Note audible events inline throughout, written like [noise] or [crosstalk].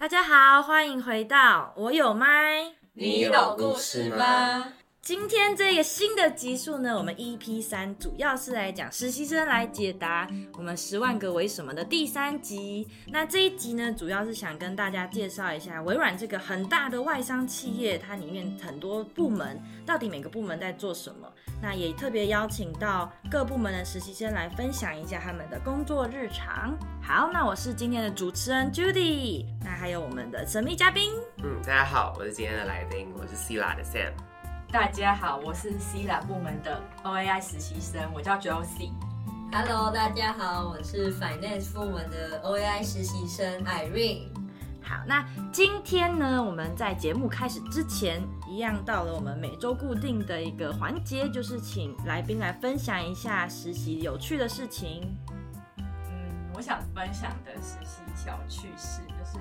大家好，歡迎回到我有 Mi，你有故事嗎？今天這個新的集數呢，我們 EP3 主要是來講實習生，來解答我們十萬個為什麼的第三集。那這一集呢，主要是想跟大家介紹一下微軟這個很大的外商企業，它裡面很多部門，到底每個部門在做什麼。那也特別邀請到各部門的實習生來分享一下他們的工作日常。好，那我是今天的主持人 Judy，那還有我們的神秘嘉賓，嗯，大家好，我是今天的來賓，我是 CELA 的 Sam。大家好，我是 CELA 部門的 OAI 實習生，我叫 Josie。Hello，大家好，我是 Finance 部門的 OAI 實習生 Irene。好，那今天呢，我們在節目開始之前，一樣到了我們每周固定的一個環節，就是請來賓來分享一下實習有趣的事情。嗯，我想分享的實習小趣事就是。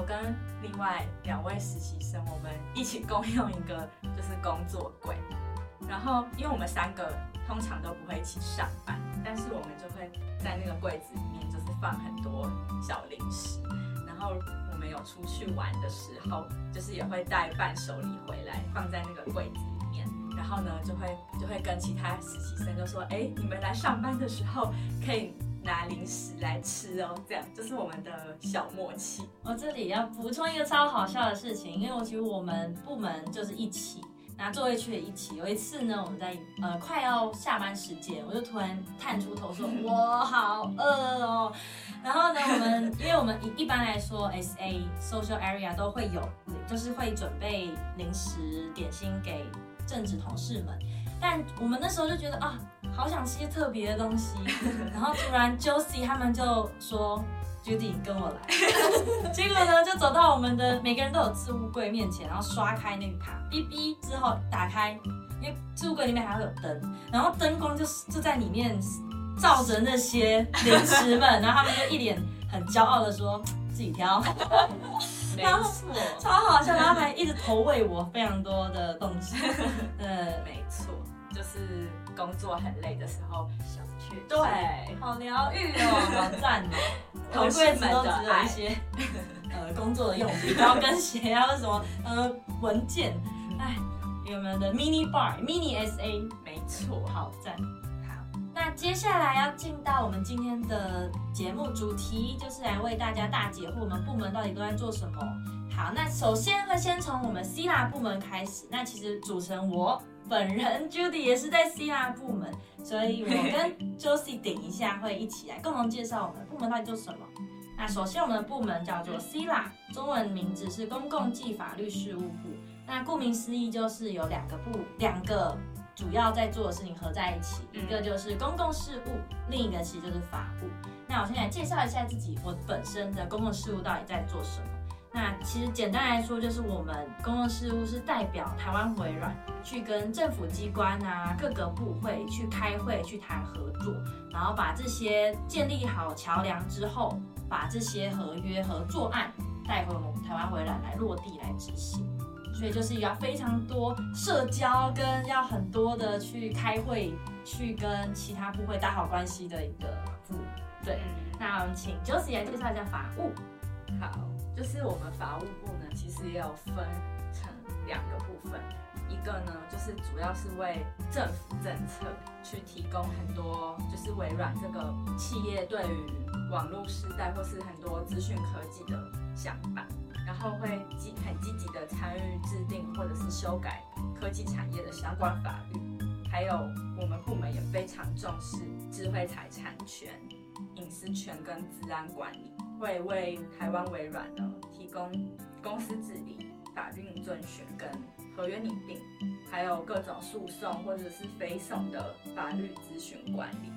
我跟另外兩位實習生，我們一起共用一個就是工作櫃。然後，因為我們三個通常都不會一起上班，但是我們就會在那個櫃子裡面，就是放很多小零食。然後我們有出去玩的時候，就是也會帶伴手禮回來，放在那個櫃子裡面。然後呢，就會就會跟其他實習生就說：“誒，你們來上班的時候可以。”拿零食來吃哦，這樣就是我們的小默契。我、哦、這裡要補充一個超好笑的事情，因為其實我們部門就是一起拿座位區也一起。有一次呢，我們在呃快要下班時間，我就突然探出頭說：“ [laughs] 我好餓哦。”然後呢，我們因為我們一般來說 [laughs] S A Social Area 都會有，就是會準備零食點心給正職同事們，但我們那時候就覺得啊。好想吃些特別的東西， [laughs] 然後突然 Josie 他們就說 Judy 跟我來， [laughs] 結果呢就走到我們的每個人都有置物櫃面前，然後刷開那個卡，嗶嗶之後打開，因為置物櫃裡面還會有燈，然後燈光就就在裡面照着那些零食們， [laughs] 然後他們就一臉很驕傲的說自己挑， [laughs] [laughs] 沒錯，超好笑，然後還一直投餵我非常多的東西，嗯、 [laughs] [laughs] 呃，沒錯，就是。工作很累的時候，想去對，好療癒哦，好讚哦。頭櫃子都只有一些 [laughs] 呃工作的用品，高 [laughs] 跟鞋啊，什麼呃文件。哎， [laughs] 有沒有的 mini bar，mini sa？ [laughs] 沒錯，好讚。好，那接下來要進到我們今天的節目主題，就是來為大家大解惑我們部門到底都在做什麼。好，那首先會先從我們 CELA 部門開始。那其實組成我。本人 Judy 也是在 CELA 部門，所以我跟 Josie 等一下會一起來共同介紹我們的部門到底做什麼。那首先，我們的部門叫做 CELA，中文名字是公共暨法律事務部。那顧名思義，就是有兩個部，兩個主要在做的事情合在一起，一個就是公共事務，另一個其實就是法務。那我先來介紹一下自己，我本身的公共事務到底在做什麼。那其實簡單來說，就是我們公共事務是代表台灣微軟去跟政府機關啊、各個部會去開會、去談合作，然後把這些建立好橋樑之後，把這些合約合作案帶回我們台灣微軟來落地來執行。所以就是要非常多社交跟要很多的去開會、去跟其他部會打好關係的一個字。對，那我們請 Josie 來介紹一下法務。好。就是我們法務部呢，其實也有分成兩個部分，一個呢就是主要是為政府政策去提供很多，就是微軟這個企業對於網絡時代或是很多資訊科技的想法，然後會積很積極的參與制定或者是修改科技產業的相關法律，還有我們部門也非常重視智慧財產權、隱私權跟資安管理。會為台灣微軟呢提供公司治理、法律遵循、跟合約擬定，還有各種訴訟或者是非訟的法律諮詢管理。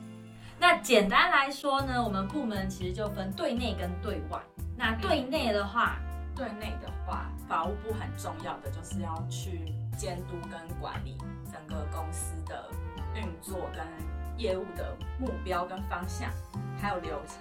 那簡單來說呢，我們部門其實就分對內跟對外。那對內的話，嗯、對內的話，法務部很重要的就是要去監督跟管理整個公司的運作跟業務的目標跟方向，還有流程，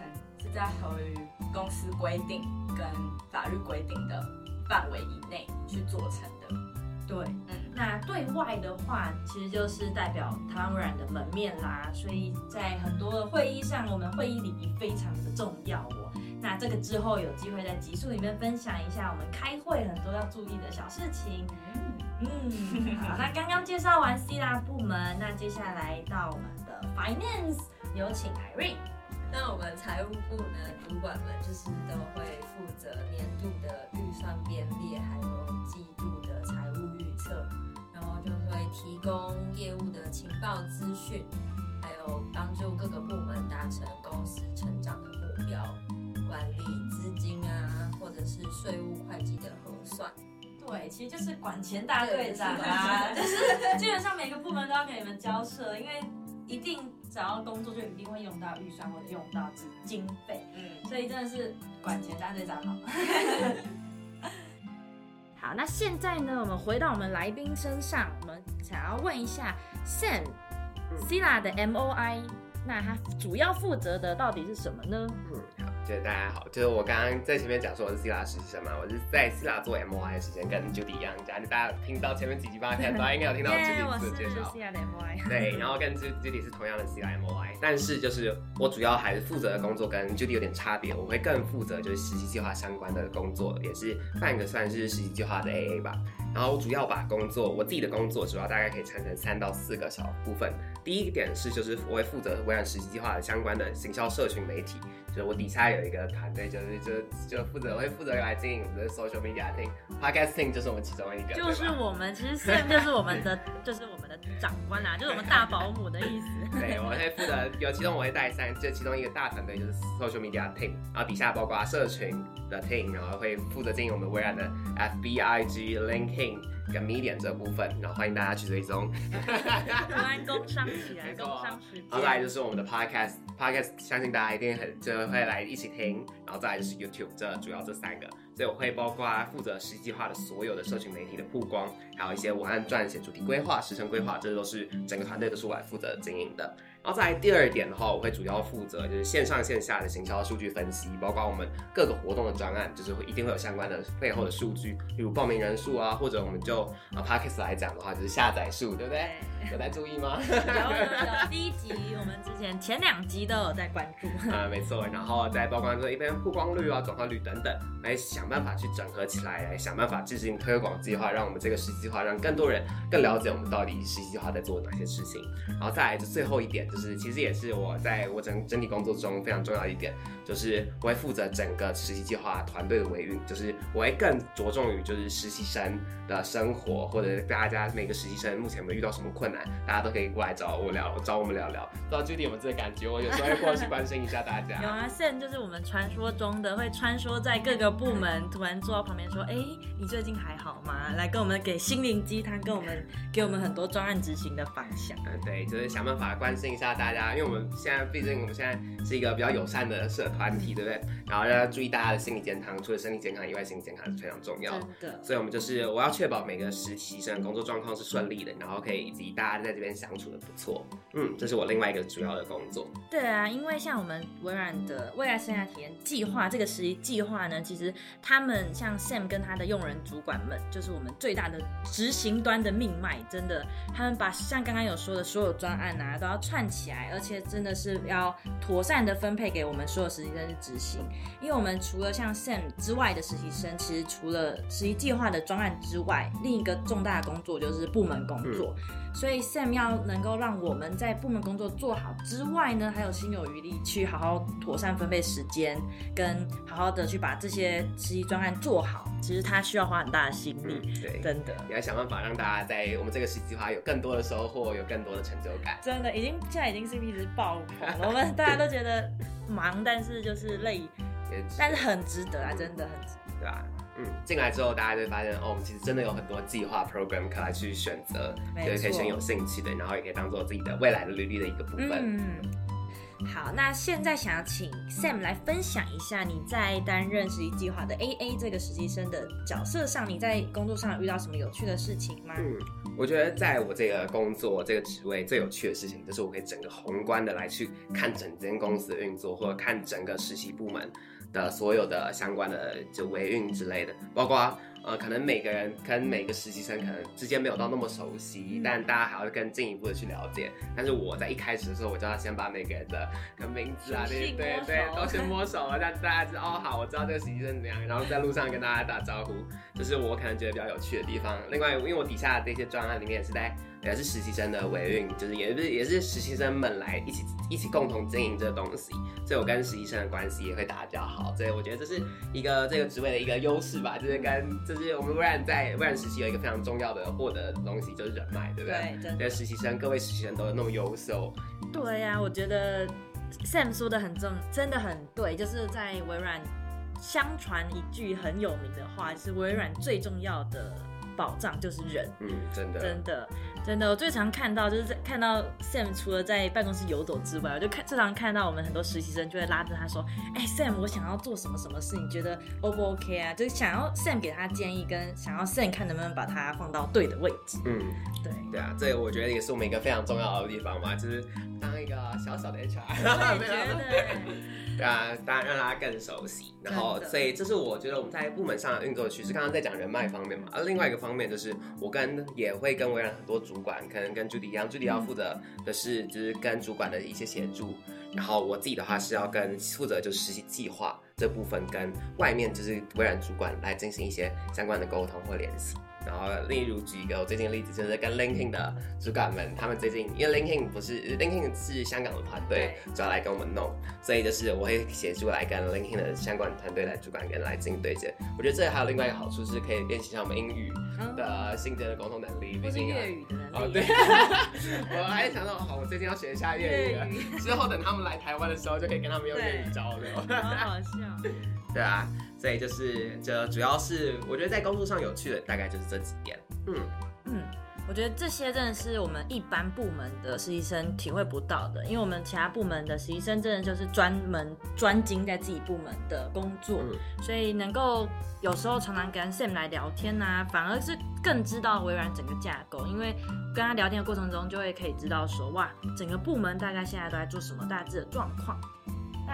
在合於公司規定跟法律規定的範圍以內去做成的。對，嗯，那對外的話，其實就是代表台灣微軟的門面啦。所以在很多的會議上，我們會議禮儀非常的重要哦。那這個之後有機會在集數裡面分享一下我們開會很多要注意的小事情。嗯，嗯，好，那剛剛介紹完 CELA 部門，那接下來到我們的 Finance，有請 Irene。那我們財務部呢，主管們就是都會負責年度的預算編列，還有季度的財務預測，然後就會提供業務的情報資訊，還有幫助各個部門達成公司成長的目標，管理資金啊，或者是稅務會計的核算。對，其實就是管錢大隊長啊， [laughs] 就是基本上每個部門都要跟你們交涉，因為一定。想要工作就一定會用到預算，或者用到是經費、嗯、所以真的是管錢大隊長。好。 [laughs] [laughs] 好，那現在呢，我們回到我們來賓身上，我們想要問一下 Sam、CELA 的 MOI，、嗯、那他主要負責的到底是什麼呢？嗯就是大家好，就是我剛剛在前面講說我是 CELA 實習生嘛，我是在 CELA 做 M O I 的時間跟 Judy 一樣。大家聽到前面幾集吧，大家應該有聽到 Judy 自我介紹，對，我是的、M O I、對，然後跟 Judy 是同樣的 CELA M O I，但是就是我主要還是負責的工作跟 Judy 有點差別，我會更負責就是實習計劃相關的工作，也是半個算是實習計劃的 A A 吧。然後我主要把工作，我自己的工作主要大概可以拆成三到四個小部分。第一個點是，就是我會負責微軟實習計劃的相關的行銷社群媒體，就是我底下有一個團隊、就是，就是就就負責我會負責來經營我們的 Social Media Team、Podcast Team，就是我們其中一個。就是我們其實 same，就是我們的， [laughs] 就是我們的長官啦、啊，就是我們大保姆的意思。 [laughs] 對，我會負責，有其中我會帶三，就其中一個大團隊就是 Social Media Team，然後底下包括、啊、社群的 Team，然後會負責經營我們微軟的 FBIG、LinkedIn 跟 Medium 這部分，然後歡迎大家去追蹤。哈哈哈哈哈！玩工商起來，工商起來。再、啊再啊、來就是我們的 podcast，podcast [laughs] podcast，相信大家一定很就會來一起聽，然後再來就是 YouTube 這主要這三個，所以我會包括負責實習計劃的所有的社群媒體的曝光，還有一些文案撰寫、主題規劃、時程規劃，這都是整個團隊都是我來負責經營的。然後再來，第二點的話，我會主要負責就是線上線下的行銷數據分析，包括我們各個活動的專案，就是一定會有相關的背後的數據，例如報名人數啊，或者我們就啊 podcast 來講的話，就是下載數，對不對？對，有在注意嗎？然後我們的第一集我們之前前兩集都有在關注啊、嗯，沒錯。然後再來，包括就是一邊曝光率啊、轉化率等等，來想辦法去整合起來，來想辦法進行推廣計劃，讓我們這個實習計劃讓更多人更了解我們到底實習計劃在做哪些事情。然後再來就最後一點，就是其實也是我在我整整體工作中非常重要的一點，就是我會負責整個實習計劃團隊的維運，就是我會更着重於就是實習生的生活，或者大家每個實習生目前有沒有遇到什麼困難，大家都可以過來找我聊，找我們聊聊，不知道具體有沒有我們這個感覺，我有時候會過去關心一下大家。 [laughs] 有啊，現就是我們傳說中的會穿梭在各個部門，突然坐到旁邊說，哎，欸，你最近還好嗎？來跟我們給心靈雞湯，跟我們給我們很多專案執行的方向。嗯，對，就是想辦法關心一下。嚇大家，因為我們現在畢竟我們現在是一個比較友善的社團體，對不對？然後要大家注意大家的心理健康，除了身體健康以外，心理健康是非常重要的。對，所以我們就是我要確保每個實習生的工作狀況是順利的，然後可以以及大家在這邊相處的不錯。嗯，這是我另外一個主要的工作。對啊，因為像我們微軟的未來生涯體驗計劃這個實習計劃呢，其實他們像 Sam 跟他的用人主管們，就是我們最大的執行端的命脈，真的，他們把像剛剛有說的所有專案啊，都要串。起來，而且真的是要妥善的分配給我們所有實習生去執行。因為我們除了像 Sam 之外的實習生，其實除了實習計劃的專案之外，另一個重大的工作就是部門工作。嗯，所以 Sam 要能夠讓我們在部門工作做好之外呢，還有心有餘力去好好妥善分配時間，跟好好的去把這些實習專案做好，其實他需要花很大的心力。嗯，對，真的，你要想辦法讓大家在我們這個實習計劃有更多的收穫，有更多的成就感。真的已經。現在已經是一直爆棚了，我們大家都覺得忙， [laughs] 但是就是累，但是很值得啊，真的很值得，對吧，啊？嗯，進來之後大家就會發現，哦，我們其實真的有很多計劃 program 可來去選擇，對，所以可以選有興趣的，然後也可以當做自己的未來的履歷的一個部分。嗯，嗯，嗯。好，那現在想要請 Sam 來分享一下你在擔任實習計劃的 AA 這個實習生的角色上，你在工作上遇到什麼有趣的事情嗎？嗯，我覺得在我這個工作這個職位最有趣的事情，就是我可以整個宏觀的來去看整間公司的運作，或者看整個實習部門的所有的相關的就維運之類的，包括。呃，可能每個人跟每個實習生可能之間沒有到那麼熟悉，嗯、但大家還要更進一步的去了解。但是我在一開始的時候，我就要先把每個人的跟名字啊，對對對，都先摸熟了， [laughs] 但大家知道哦，好，我知道這個實習生怎麼樣。然後在路上跟大家打招呼，這，就是我可能覺得比較有趣的地方。另外，因為我底下的這些專案裡面也是在也是實習生的，維運就是也是也是實習生們來一起一起共同經營這個東西，所以我跟實習生的關係也會打得比較好。所以我覺得這是一個這個職位的一個優勢吧，就是跟。嗯嗯就是我們微軟在微軟實習有一個非常重要的獲得東西，就是人脈，對不對？對，對實習生，各位實習生都有那麼優秀，對呀，啊，我覺得 Sam 說的很重，真的很對，就是在微軟相傳一句很有名的話，就是微軟最重要的保障，就是人，嗯，真的，真的。真的，我最常看到就是在看到 Sam 除了在辦公室遊走之外，我就看最常看到我們很多實習生就會拉着他說：“哎、欸、，Sam，我想要做什麼什麼事，你覺得 O 不 OK 啊？”就是想要 Sam 給他建議，跟想要 Sam 看能不能把他放到對的位置。嗯，對對啊，這我覺得也是我們一個非常重要的地方嘛，就是當一個小小的 HR，哈 [laughs] 對啊，當然讓大家更熟悉，然後所以這是我覺得我們在部門上的運作的趨勢。剛剛在講人脈方面嘛，而、嗯、另外一個方面就是我跟也會跟微軟很多主。主管可能跟助理一樣，助理要負責的是就是跟主管的一些協助，然後我自己的話是要跟負責就是實習計劃這部分跟外面就是微軟主管來進行一些相關的溝通或聯繫。然後，例如舉一個我最近的例子，就是跟 LinkedIn 的主管們，他們最近因為 LinkedIn 不是 LinkedIn 是香港的團隊，主要來跟我們弄，所以就是我會協助來跟 LinkedIn 的相關團隊的主管跟來,來進行對接。我覺得這還有另外一個好處，是可以練習一下我們英語的細節的溝通能力。畢竟粵語的能力，對， [laughs] 我還想到，好、哦，我最近要學一下粵語，之後等他們來台灣的時候，就可以跟他們用粵語交流。太好笑， [laughs] 對啊。所以就是，這主要是我覺得在工作上有趣的大概就是這幾點。嗯嗯，我覺得這些真的是我們一般部門的實習生體會不到的，因為我們其他部門的實習生真的就是專門專精在自己部門的工作。嗯，所以能夠有時候常常跟 Sam 來聊天啊，反而是更知道微軟整個架構，因為跟他聊天的過程中就會可以知道說，哇，整個部門大概現在都在做什麼，大致的狀況。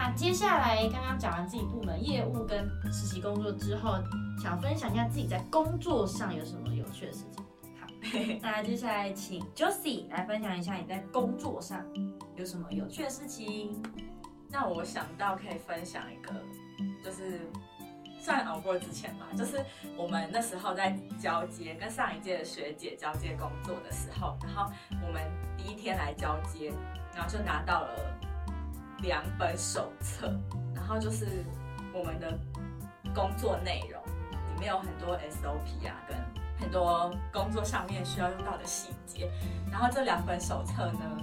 那接下來剛剛講完自己部門業務跟實習工作之後，想分享一下自己在工作上有什麼有趣的事情。好， [laughs] 那接下來請 Josie 來分享一下你在工作上有什麼有趣的事情。那我想到可以分享一個，就是算熬過之前吧，就是我們那時候在交接，跟上一屆的學姐交接工作的時候，然後我們第一天來交接，然後就拿到了。兩本手冊，然後就是我們的工作內容，裡面有很多 SOP 啊，跟很多工作上面需要用到的細節。然後這兩本手冊呢，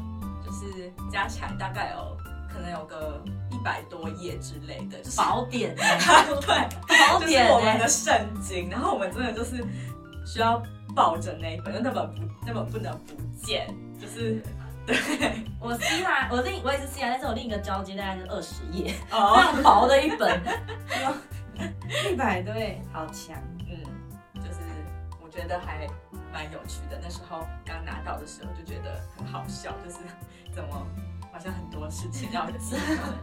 就是加起來大概有可能有個一百多頁之類的，就是寶典、欸 [laughs] 啊，對，寶典、欸， [laughs] 我們的聖經。 [laughs] 然後我們真的就是需要抱着那一本，那本不，那本不能不見，就是。對對對， [laughs] 我希望我另我也是 C I，但是我另一個交接大概是二十頁，哦、oh. [laughs] 很薄的一本，一 [laughs] 百對，好強，嗯，就是我覺得還蠻有趣的，那時候剛拿到的時候就覺得很好笑，就是怎麼。好像很多事情要記，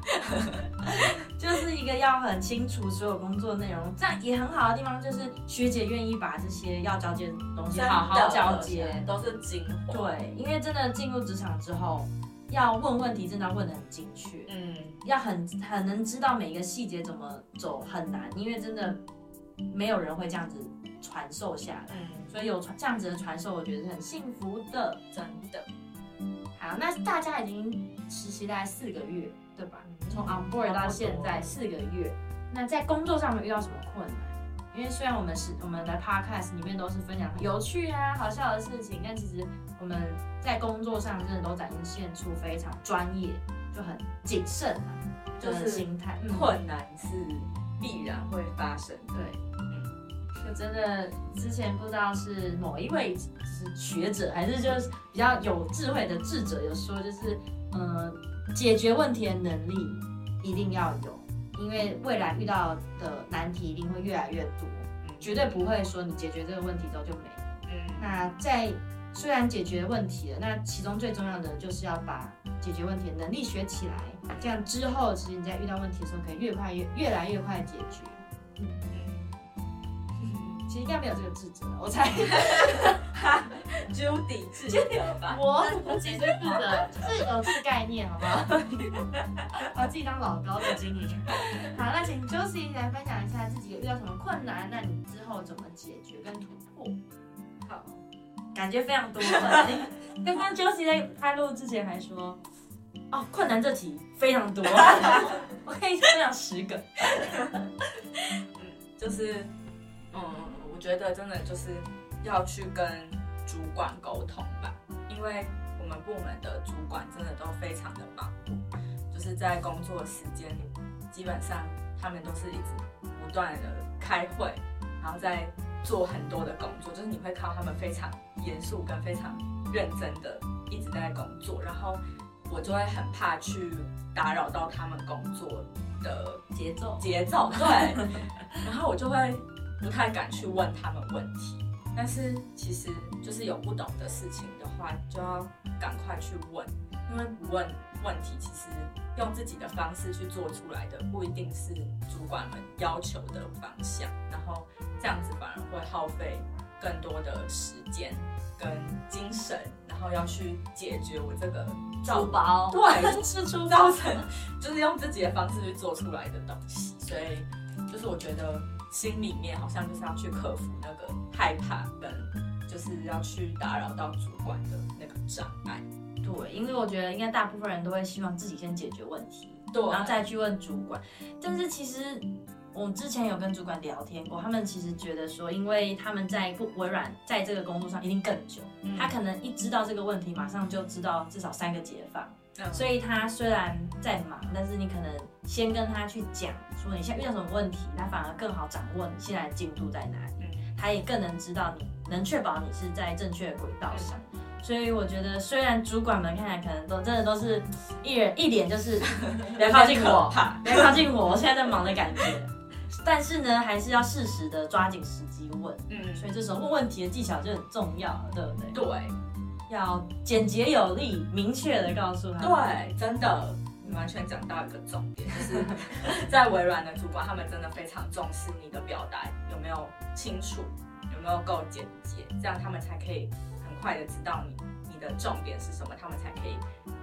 [laughs] [laughs] 就是一個要很清楚所有工作內容。這樣也很好的地方就是學姐願意把這些要交接的東西好好的的交接，都是精華。對，因為真的進入職場之後，要問問題真的要問的很精確。嗯，要很很能知道每一個細節怎麼走很難，因為真的沒有人會這樣子傳授下來。嗯、所以有傳，這樣子的傳授，我覺得是很幸福的，嗯、真的。啊，那大家已經實習大概四個月，對吧？嗯、從 on board 到現在四個月，那在工作上面遇到什麼困難？因為雖然我們是我們的 podcast 裡面都是分享有趣啊、好笑的事情，但其實我們在工作上真的都展現出非常專業，就很謹慎啊，就是心態、嗯。困難是必然會發生，對。就真的之前不知道是某一位學者還是就是比較有智慧的智者有說，就是嗯、呃，解決問題的能力一定要有，因為未來遇到的難題一定會越來越多，絕對不會說你解決這個問題之後就沒。嗯，那在雖然解決問題了，那其中最重要的就是要把解決問題的能力學起來，這樣之後其實你在遇到問題的時候可以越快越越來越快解決。嗯。其實應該沒有這個智者，我猜。 [laughs] [laughs] Judy 智，我沒有、 [laughs] 就是、智者，自由是概念，好 [laughs] 好，把自己當老高的經營。好，那請 Josie 來分享一下自己有遇到什麼困難，那你之後怎麼解決跟突破？好，感覺非常多。剛 [laughs] 剛 [laughs] Josie 在開錄之前還說，哦，困難這題非常多， [laughs] [laughs] 我可以分享十個， [laughs] [laughs] 就是，嗯。覺得真的就是要去跟主管溝通吧，因為我們部門的主管真的都非常的忙，就是在工作時間裡，基本上他們都是一直不斷的開會，然後在做很多的工作，就是你會看到他們非常嚴肅跟非常認真的一直在工作，然後我就會很怕去打擾到他們工作的節奏節奏，對，然後我就會。不太敢去問他們問題，但是其實就是有不懂的事情的話，就要趕快去問，因為不問問題，其實用自己的方式去做出來的，不一定是主管們要求的方向，然後這樣子反而會耗費更多的時間跟精神，然後要去解決我這個造。粗薄，對，是粗暴成，就是用自己的方式去做出來的東西，所以就是我覺得。心裡面好像就是要去克服那個害怕，跟就是要去打擾到主管的那個障礙。對，因為我覺得應該大部分人都會希望自己先解決問題，對，然後再去問主管。但是其實、嗯、我們之前有跟主管聊天過，他們其實覺得說，因為他們在不微軟在這個工作上一定更久，嗯、他可能一知道這個問題，馬上就知道至少三個解法。嗯、所以他雖然在忙，但是你可能先跟他去講，說你現在遇到什麼問題，他反而更好掌握你現在的進度在哪裡，嗯，他也更能知道你能確保你是在正確的軌道上、嗯。所以我覺得，雖然主管們看來可能都真的都是一人一臉就是不要靠近我，不 [laughs] 要靠近我，我現在在忙的感覺，但是呢，還是要適時的抓緊時機問。嗯，所以這時候問問題的技巧就很重要，對不對？對。要簡潔有力，明確的告訴他。對，真的，你完全講到一個重點，就是在微軟的主管，他們真的非常重視你的表達有沒有清楚，有沒有夠簡潔，這樣他們才可以很快的知道你，你的重點是什麼，他們才可以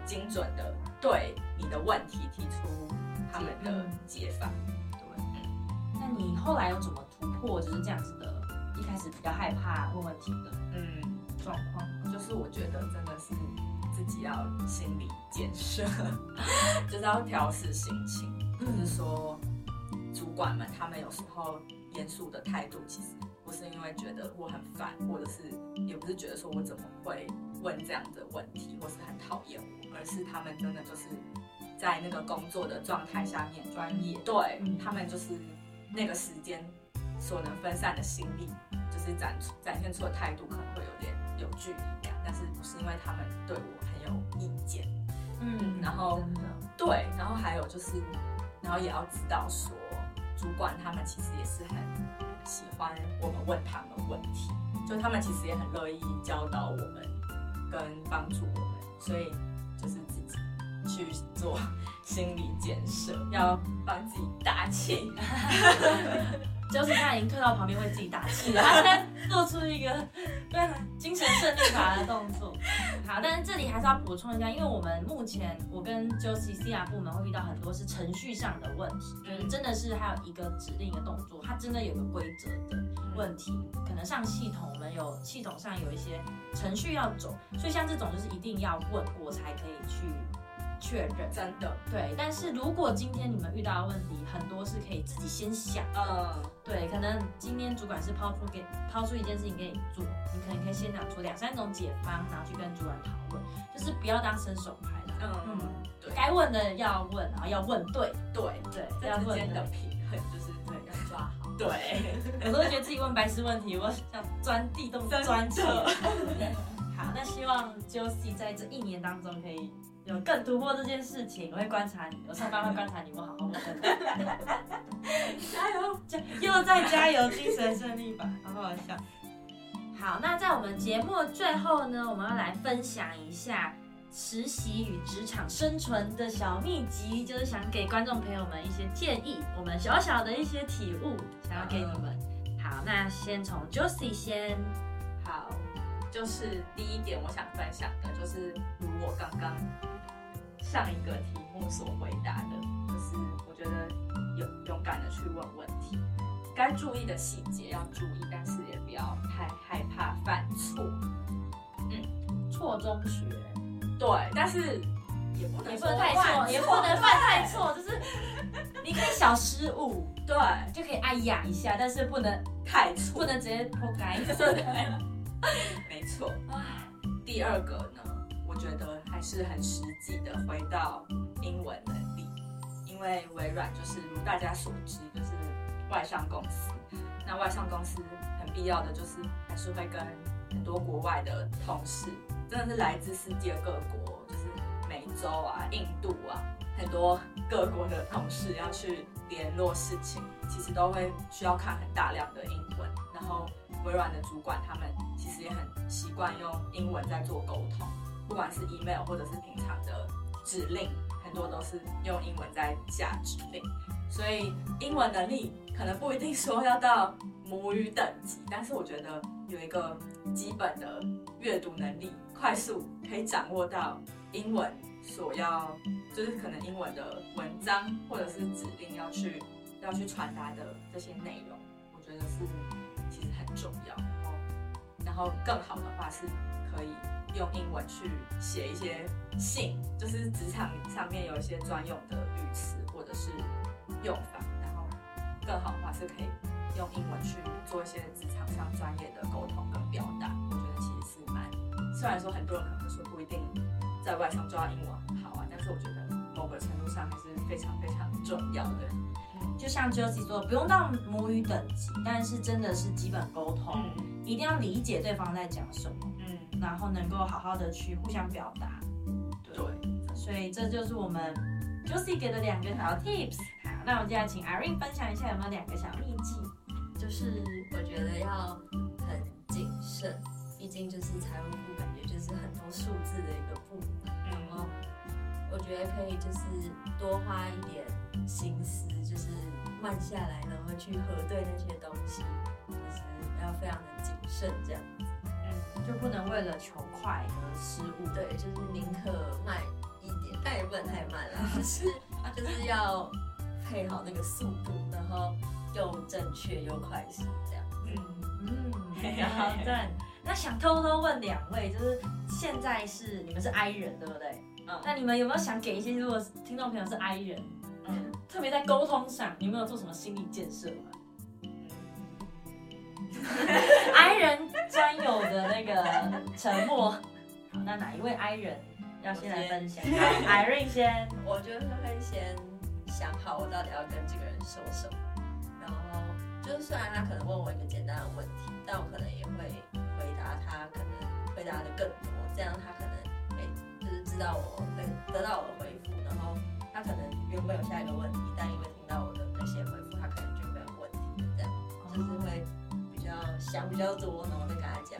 精準的對你的問題提出他們的解法。對，嗯、對。那你後來有怎麼突破？就是這樣子的，一開始比較害怕問問題的狀況。嗯就是我覺得真的是自己要心理建設、嗯，就是要調適心情、嗯。就是說，主管們他們有時候嚴肅的態度，其實不是因為覺得我很煩，或者是也不是覺得說我怎麼會問這樣的問題，或是很討厭我，而是他們真的就是在那個工作的狀態下面，專業，嗯，對，嗯，他們就是那個時間所能分散的心力，就是展展現出的態度可能會。有距離感，但是不是因為他們對我很有意見，嗯，嗯然後對，然後還有就是，然後也要知道說，主管他們其實也是很喜歡我們問他們問題，嗯、就他們其實也很樂意教導我們跟幫助我們，所以就是自己去做心理建設， [laughs] 要幫自己打氣。 [laughs] [laughs] 就是他已經退到旁邊為自己打氣了， [laughs] 他在做出一個非常、啊、精神勝利法的動作。 [laughs] 好，但是這裡還是要補充一下，因為我們目前我跟 Josie CELA 部門會遇到很多是程序上的問題，就是、真的是還有一個指令一個動作，它真的有個規則的問題，可能像系統我們有系統上有一些程序要走，所以像這種就是一定要問我才可以去。確認，真的對。但是如果今天你們遇到的問題，很多是可以自己先想。嗯，對，可能今天主管是拋出給拋出一件事情給你做，你可能可以先想出兩三種解方，然後去跟主管討論，就是不要當伸手牌的。嗯嗯，對，該問的要問，然後要問對對對，對這之間的平衡就是對要抓好。對，有時候覺得自己問白痴問題，我像鑽地洞鑽車。好，那希望 Josie 在這一年當中可以。有更突破這件事情，我會觀察你。我上班會觀察你，我好好的。 [laughs] [laughs] 加油！又再加油，精神勝利吧，好好笑。好，那在我們節目最後呢，我們要來分享一下實習與職場生存的小秘笈，就是想給觀眾朋友們一些建議，我們小小的一些體悟想要給你們。好，好那先從 Josie 先。好，就是第一點，我想分享的就是如我剛剛。上一個題目所回答的，就是我覺得勇勇敢的去問問題，該注意的細節要注意，但是也不要太害怕犯錯。嗯，錯中學，對，但是也不能說太錯，也不能太錯，也不能犯太錯，就是你可以小失誤，對， [laughs] 就可以哎呀一下，但是不能太錯，不能直接脫干。 [laughs] 沒錯， [laughs] 第二個呢？覺得還是很實際的，回到英文能力，因為微軟就是如大家所知，就是外商公司。那外商公司很必要的就是還是會跟很多國外的同事，真的是來自世界各國，就是美洲啊、印度啊，很多各國的同事要去聯絡事情，其實都會需要看很大量的英文。然後微軟的主管他們其實也很習慣用英文在做溝通。不管是 email 或者是平常的指令，很多都是用英文在下指令，所以英文能力可能不一定說要到母語等級，但是我覺得有一個基本的閱讀能力，快速可以掌握到英文所要，就是可能英文的文章或者是指令要去要去傳達的這些內容，我覺得是其實很重要。然後，然後更好的話是可以。用英文去寫一些信，就是職場上面有一些專用的語詞或者是用法，然後更好的話是可以用英文去做一些職場上專業的溝通跟表達。我覺得其實是蠻，雖然說很多人可能說不一定在外商就要英文好啊，但是我覺得某個程度上還是非常非常重要的。就像 Josie 說，不用到母語等級，但是真的是基本溝通、嗯，一定要理解對方在講什麼。然後能夠好好的去互相表達。對，對，所以這就是我們 Josie 給的兩個小 tips。好，那我們現在請 Irene 分享一下有沒有兩個小秘笈。就是我覺得要很謹慎，畢竟就是財務部感覺就是很多數字的一個部門、嗯，然後我覺得可以就是多花一點心思，就是慢下來，然後去核對那些東西，就是要非常的謹慎這樣子。就不能為了求快而失誤。對，就是寧可慢一點，嗯，但也不能太慢了，啊。就 [laughs] 是就是要配好那個速度，然後又正確又快速，這樣。嗯嗯，好好讚 [laughs] 那想偷偷問兩位，就是現在是你們是 I 人，對不對？啊，嗯。那你們有沒有想給一些如果聽眾朋友是 I 人，嗯，特別在溝通上、嗯，你們有做什麼心理建設嗎？I 人。 [laughs] [laughs] [laughs] 專 [laughs] 有的那個沉默。好，那哪一位 Irene 要先來分享？Irene 先。我就是會先想好我到底要跟這個人說什麼，然後就是雖然他可能問我一個簡單的問題，但我可能也會回答他，可能回答的更多，這樣他可能誒、欸、就是知道我得得到我的回復，然後他可能原本有下一個問題，但因為聽到。我。想比較多呢，我會跟他講。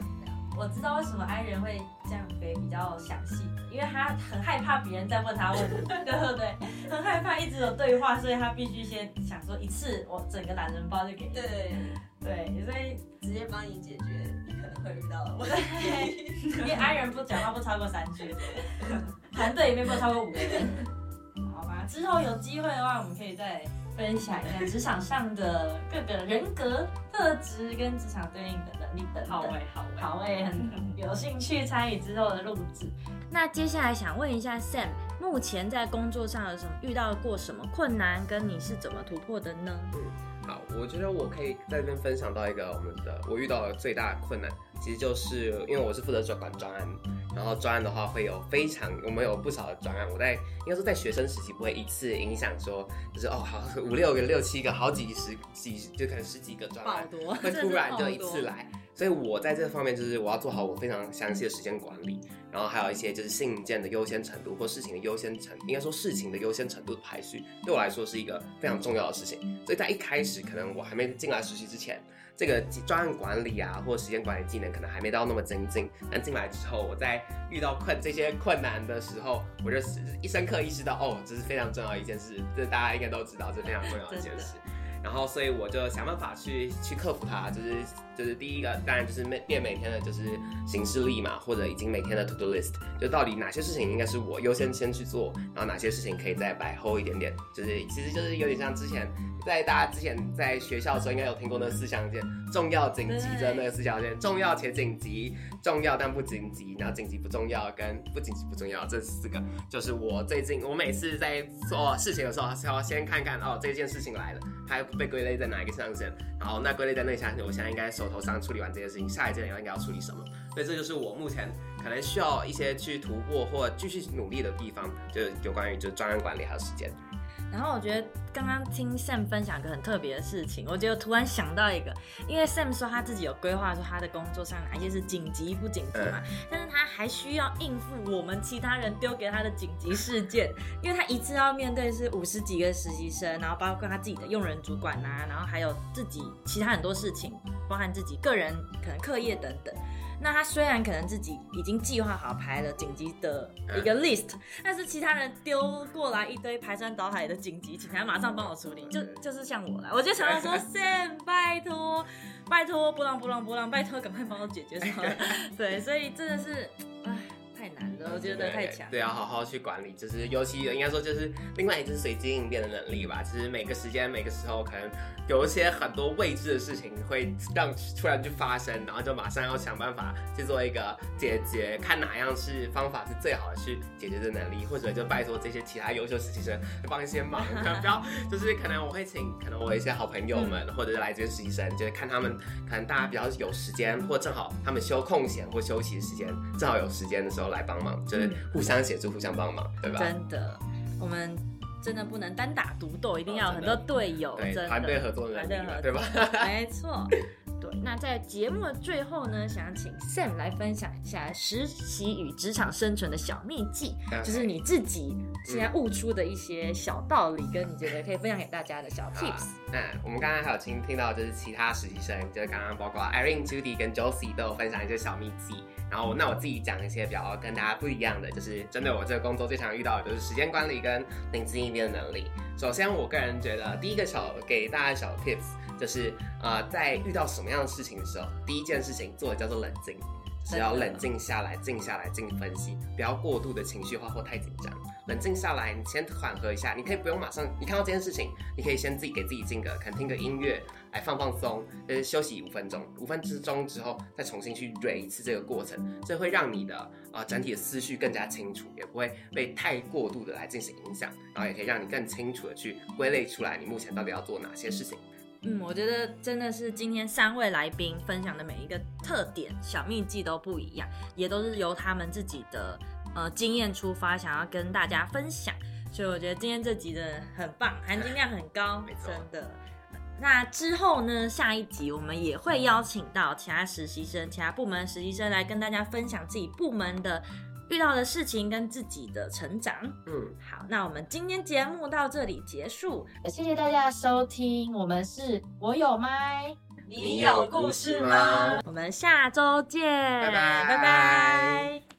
我知道為什麼 I 人會這樣，會比較詳細，因為他很害怕別人在問他問題 [laughs] 對不對？很害怕一直有對話，所以他必須先想說一次，我整個懶人包就給你。對，對，對，對，所以直接幫你解決你可能會遇到的問題。對，因為 I 人不講話不超過三句，團 [laughs] 隊裡面不超過五個人。好吧，之後有機會的話，我們可以再，分享一下職場上的各個人格 [laughs] 特質跟職場對應的能力等等。好哎，好好哎，很有興趣參與之後的錄制。那接下來想問一下 Sam，目前在工作上有什麼遇到過什麼困難，跟你是怎麼突破的呢？嗯，好，我覺得我可以在這邊分享到一個我們的，我遇到的最大的困難，其實就是因為我是負責轉轉專案。然後專案的話會有非常，我們有不少的專案，我在應該說在學生時期不會一次影響說，就是哦好五六個六七個好幾十幾就可能十幾個專案，會突然就一次來，所以我在這方面就是我要做好我非常詳細的時間管理，然後還有一些就是信件的優先程度或事情的優先程，應該說事情的優先程度的排序對我來說是一個非常重要的事情，所以在一開始可能我還沒進來實習之前。這個專案管理啊，或時間管理技能可能還沒到那麼精進，但進來之後，我在遇到困這些困難的時候，我就一深刻意識到，哦，這是非常重要一件事，這大家應該都知道，這非常重要一件事。 [laughs] 然後，所以我就想辦法去去克服它，就是就是第一個，當然就是每變每天的，就是行事曆嘛，或者已經每天的 to do list，就到底哪些事情應該是我優先先去做，然後哪些事情可以再擺後一點點，就是其實就是有點像之前在大家之前在學校的時候應該有聽過那四象限，重要緊急的那個四象限，重要且緊急，重要但不緊急，然後緊急不重要，跟不緊急不重要，這四個，就是我最近我每次在做事情的時候，是要先看看哦，這件事情來了，它。被歸類在哪一個上限？然後那歸類在那個下限，我現在應該手頭上處理完這件事情，下一件要應該要處理什麼？所以這就是我目前可能需要一些去突破或繼續努力的地方，就是有關於就是專案管理還有時間。然後我覺得。剛剛聽 Sam 分享一個很特別的事情，我就突然想到一個，因為 Sam 說他自己有規劃說他的工作上哪一些是緊急不緊急嘛，呃、但是他還需要應付我們其他人丟給他的緊急事件，因為他一次要面對是五十幾個實習生，然後包括他自己的用人主管吶、啊，然後還有自己其他很多事情，包含自己個人可能課業等等。那他雖然可能自己已經計劃好排了緊急的一個 list，、啊、但是其他人丟過來一堆排山倒海的緊急，請他馬上幫我處理，就就是像我啦，我就想要說 [laughs] ，Sam 拜託，拜託，波浪波浪波浪，拜託，趕快幫我解決掉， [laughs] 對，所以真的是唉，太難了。我覺得太強，對，要好好去管理，就是尤其應該說，就是另外一只隨機應變的能力吧。其實每個時間、每個時候，可能有一些很多未知的事情會讓突然就發生，然後就馬上要想辦法去做一個解決，看哪樣是方法是最好的去解決的能力，或者就拜托這些其他優秀實習生幫一些忙。可能比較就是可能我會請可能我一些好朋友們，或者是來這些實習生，就是看他們可能大家比較有時間，或正好他們休空閒或休息的時間，正好有時間的時候來幫忙。就是互相協助、嗯、互相幫忙、嗯，對吧？真的，我們真的不能單打獨鬥，一定要很多隊友，團、哦、團隊合作，團隊合作，對吧？沒錯。 [laughs] 對，那在節目的最後呢，嗯、想請 Sam 來分享一下實習與職場生存的小秘技，okay. 就是你自己現在悟出的一些小道理，跟你覺得可以分享給大家的小 tips。嗯、 [laughs] 啊，我們剛剛還有聽聽到，就是其他實習生，就是剛剛包括 Irene Judy 跟 Josie 都有分享一些小秘籍，然後我那我自己講一些比較跟大家不一樣的，就是針對我這個工作最常遇到的就是時間管理跟臨機應變的能力。首先，我個人覺得第一個小給大家的小 tips。就是啊、呃，在遇到什麼樣的事情的時候，第一件事情做的叫做冷靜，只要冷靜下來，靜下來，進行分析，不要過度的情緒化或太緊張。冷靜下來，你先緩和一下，你可以不用馬上，你看到這件事情，你可以先自己給自己靜個，可能聽個音樂來放放鬆，呃、就是，休息五分鐘，五分之鐘之後再重新去 re 一次這個過程，這會讓你的啊、呃、整體的思緒更加清楚，也不會被太過度的來進行影響，然後也可以讓你更清楚的去歸類出來你目前到底要做哪些事情。嗯，我覺得真的是今天三位來賓分享的每一個特點、小秘籍都不一樣，也都是由他們自己的呃經驗出發，想要跟大家分享。所以我覺得今天這集的很棒，含金量很高，沒錯，真的。那之後呢，下一集我們也會邀請到其他實習生、其他部門實習生來跟大家分享自己部門的。遇到的事情跟自己的成長，嗯，好，那我們今天節目到這裡結束，謝謝大家收聽，我們是我有麥，你有故事嗎？我們下周見，拜拜。拜拜拜拜